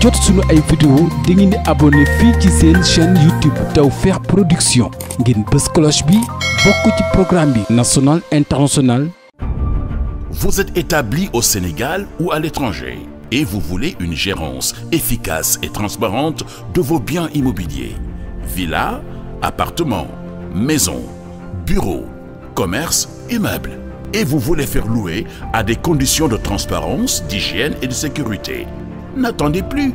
jot suñu ay vidéo da ngeen di abonné fii ci seen chaîne Production ngeen bës cloche bi bokk bi national international Vous êtes établi au Sénégal ou à l'étranger et vous voulez une gérance efficace et transparente de vos biens immobiliers villas, appartements, maisons, bureaux, commerces, immeubles et vous voulez faire louer à des conditions de transparence, d'hygiène et de sécurité N'attendez plus.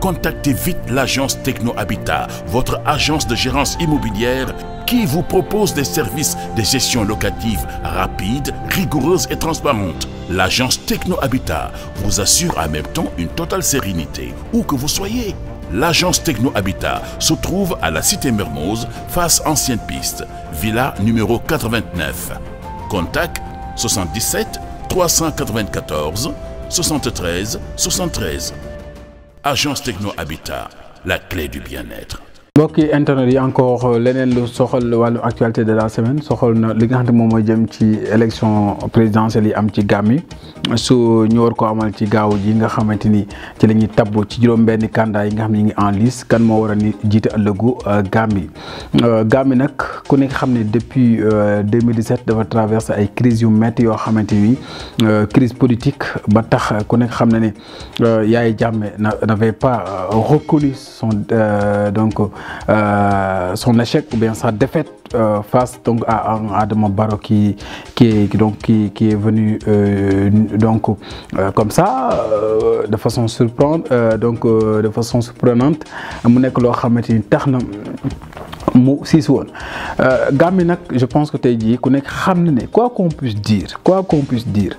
Contactez vite l'agence Techno Habitat, votre agence de gérance immobilière qui vous propose des services de gestion locative rapide, rigoureuse et transparente. L'agence Techno Habitat vous assure en même temps une totale sérénité, où que vous soyez. L'agence Techno Habitat se trouve à la cité Mermoz, face ancienne piste, villa numéro Contact 73 73. Agence Techno Habitat, la clé du bien-être. mbokki internet yi encore leneen lu soxal wàllu actualité de la semaine soxal na li nga xam ne moom mooy jëm ci élection présidentielle yi am ci Gàmbi su ñu war ko amal ci gaaw ji nga xamante ni ci lañuy ñuy ci juróom-benni candidat yi nga xam ne ñu ngi en lice kan moo war a ni jiite ëllëgu euh, Gàmbi euh, Gàmbi nag ku nekk xam ne depuis 2017 euh, dafa traversé ay crises yu métti yoo xamante ni crise politique ba tax ku nekk xam ne ne Yahya na n'avait pas reconnu son donc Euh, son échec ou bien sa défaite euh, face donc à un Adama Barrow qui donc qui, qui est venu euh, donc comme ça de façon surprenante donc de façon surprenante mu nekk loo xamante ni tax na. mu siis woon euh, gàmm bi nag je pense que tey jii ku nekk xam na ne quoi qu'on puisse dire quoi qu'on puisse dire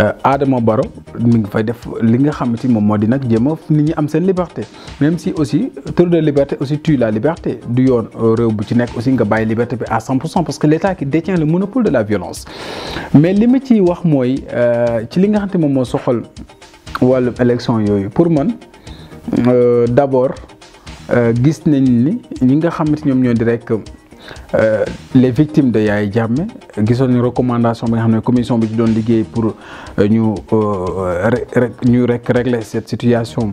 euh, Adama Baro mi ngi fay def li nga xam ni moom moo di nag jéem a nit ñi am seen liberté même si aussi trop de liberté aussi tue la liberté du yoon euh, réew bu ci nekk aussi nga bàyyi liberté bi à 100% parce que l'État qui détient le monopole de la violence mais li ma ciy wax mooy ci li nga xam xamante moom moo soxal wàllum élection yooyu pour man d'abord. Euh, gis nañ ni ñi nga xamante ñoom ñoo di rek euh, les victimes de Yaya Jammeh gisoon ni recommandation bi xam ne commission bi ci doon liggéey pour euh, ñu ñu rek régler cette situation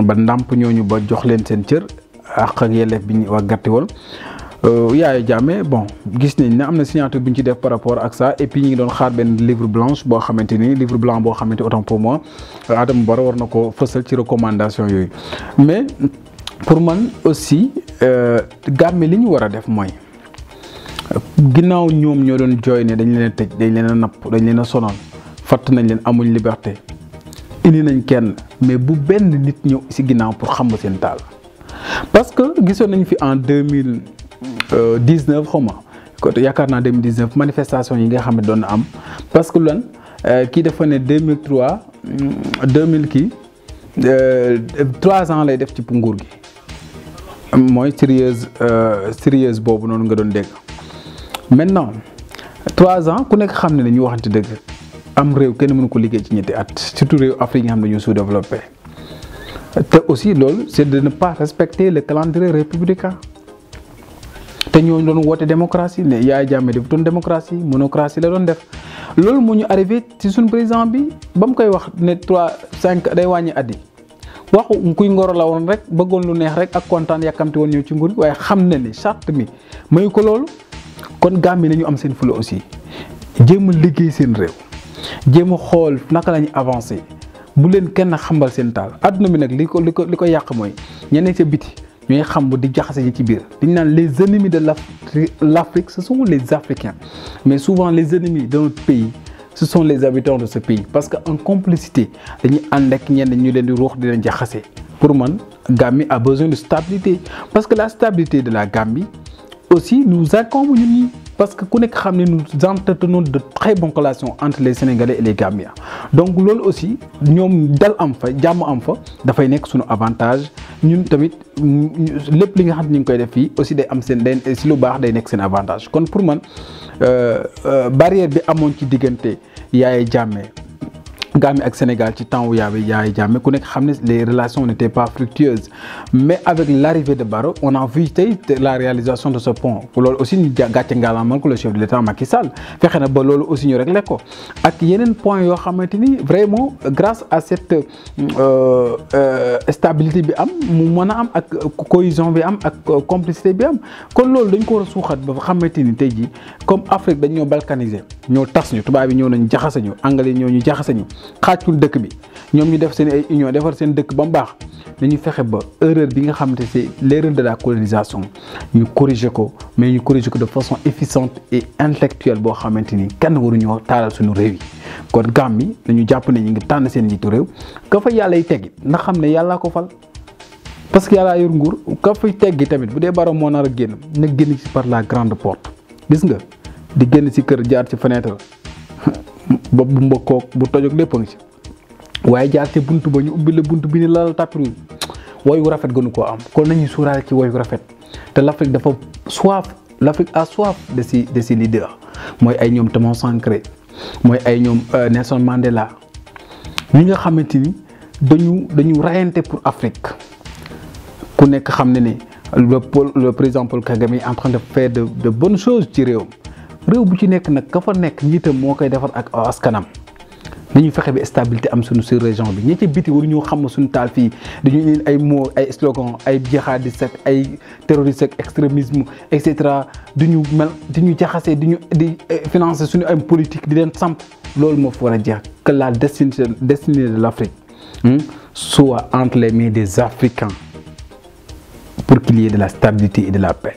ba ndàmp ñooñu ba jox leen seen cër àq ak yelleef bi ñu wàggati woon Yaya Jammeh bon gis nañ ni am na signature bu ñu ci def par rapport ak ça et ñu ngi doon xaar benn livre blanche boo xamante ni livre blanc boo xamante autant pour moi Adama Barrow war na ko fësal ci recommandation yooyu pour man aussi euh, Gàmbi li ñu war a def mooy ginnaaw ñoom ñoo doon jooy ne dañ leen a tëj dañ leen a napp dañ leen a sonoon fatt nañ leen amuñ liberté indi nañ kenn mais bu benn nit ñëw si ginnaaw pour xam seen taal parce que gisoon nañ fi en deux mille euh, dix neuf xaw ma côté yaakaar naa deux mille dix neuf manifestation yi nga xam ne doon am parce que lan euh, kii dafa ne deux mille trois mille kii trois ans lay def ci nguur gi. mooy sérieuse euh, sérieuse boobu noonu nga doon dégg maintenant trois ans ku nekk xam ne ne ñu waxante dëgg am réew kenn mënu ko liggéey ci ñetti at surtout réew Afrique yi nga xam ne ñu sous-développé te aussi lool sedd na ne pas respecter le calendrier républicain te ñoo doon woote démocratie ne Yaya Jammeh def doon démocratie monocratie la doon def loolu moo ñu arrivé ci suñu président bi ba mu koy wax ne trois cinq day wàññi at yi waxu kuy ngoro la woon rek bëggoon lu neex rek ak kontaan yàkkamti woon ñëw ci nguur waaye xam na ni charte mi mayu ko loolu kon Gàmbi nañu am seen fula aussi jéem a liggéey seen réew jéem a xool naka la ñu avancé bu leen kenn xambal seen taal adduna bi nag li ko li ko li ko yàq mooy ñeneen sa biti ñooy xam bu di jaxase yi ci biir dañ naan les ennemis de l'Afrique ce sont les Africains mais souvent les ennemis de notre pays ce sont les habitants de ce pays parce que en complicité dañuy ànd ak ñenn ñu leen di ruux di leen jaxase pour man Gambie a besoin de stabilité parce que la stabilité de la Gambie aussi nous incombe ñun ñi parce que ku nekk xam ne nous entretenons de très bonnes relations entre les sénégalais et les gambiens donc loolu aussi ñoom dal am fa jàmm am fa dafay nekk suñu avantage ñun tamit lépp li nga xam ne ñu ngi koy def fii aussi day am seen day si lu baax day nekk seen avantage kon pour man euh, euh, barrière bi amoon ci diggante yaay jàmme Gambie ak Sénégal ci temps wu yaabe yaay jàmme ku nekk xam ne les relations n'étaient pas fructueuses mais avec l'arrivée de Barrow on a vu tey la réalisation de ce pont loolu aussi ñu gàcce ngaalaamal ko le chef de l'État Macky na ba loolu aussi ñu réglé ko ak yeneen point yoo xamante ni vraiment grâce à cette euh, euh, stabilité bi am mu mën a am ak cohésion bi am ak euh, complicité bi am kon loolu dañ ko war a suuxat ba xamante ni tey jii comme Afrique dañ ñoo balkaniser ñoo tas ñu tubaab yi ñëw nañ jaxase ñu anglais ñoo ñu jaxase ñu xaajul dëkk bi ñoom ñu def seen union defar seen dëkk ba mu baax nañu fexe ba erreur bi nga xamante c'est l'erreur de la colonisation ñu corriger ko mais ñu corriger ko de façon efficiente et intellectuelle boo xamante ni kenn waruñoo taaral suñu réew yi kon gàmm mi dañu jàpp ne ñu ngi tànn seen njiitu réew ka fa yàlla yi teggi na xam ne yàllaa ko fal parce que yàllaa yor nguur ka fay teggi tamit bu dee baroom moo nar a génn na génn ci par la grande porte gis nga di génn ci kër jaar ci fenêtre bopp bu mbokkoog bu tojoog lépp a waaye jaar ci bunt ba ñu ubbi la bunt bi ni lal tapis woy wu rafet gënu koo am kon nañu suuraale ci woy wu rafet te l'Afrique dafa soif l'Afrique a soif de si de si leader mooy ay ñoom Thomas Sankara mooy ay ñoom euh, Nelson Mandela ñi nga xamante ni dañu dañu rayante pour Afrique ku nekk xam ne ne le le président Paul Kagame est en train de faire de de bonnes choses ci réewam. réew bu ci nekk nag ka nekk njiitam moo koy defar ak askanam ñu fexe bi stabilité am suñu sur région bi ñi ci war waruñu xam suñu taal fii dañu indi ay moo ay slogan ay jihadiste ak ay terroriste ak extrémisme et cetera di ñu mel di ñu jaxase di ñu di financer suñu ay politique di leen samp loolu moo fi war a jeex que la destinée de l' Afrique hmm, soit entre les mains des Africains pour qu'il y de la stabilité et de la paix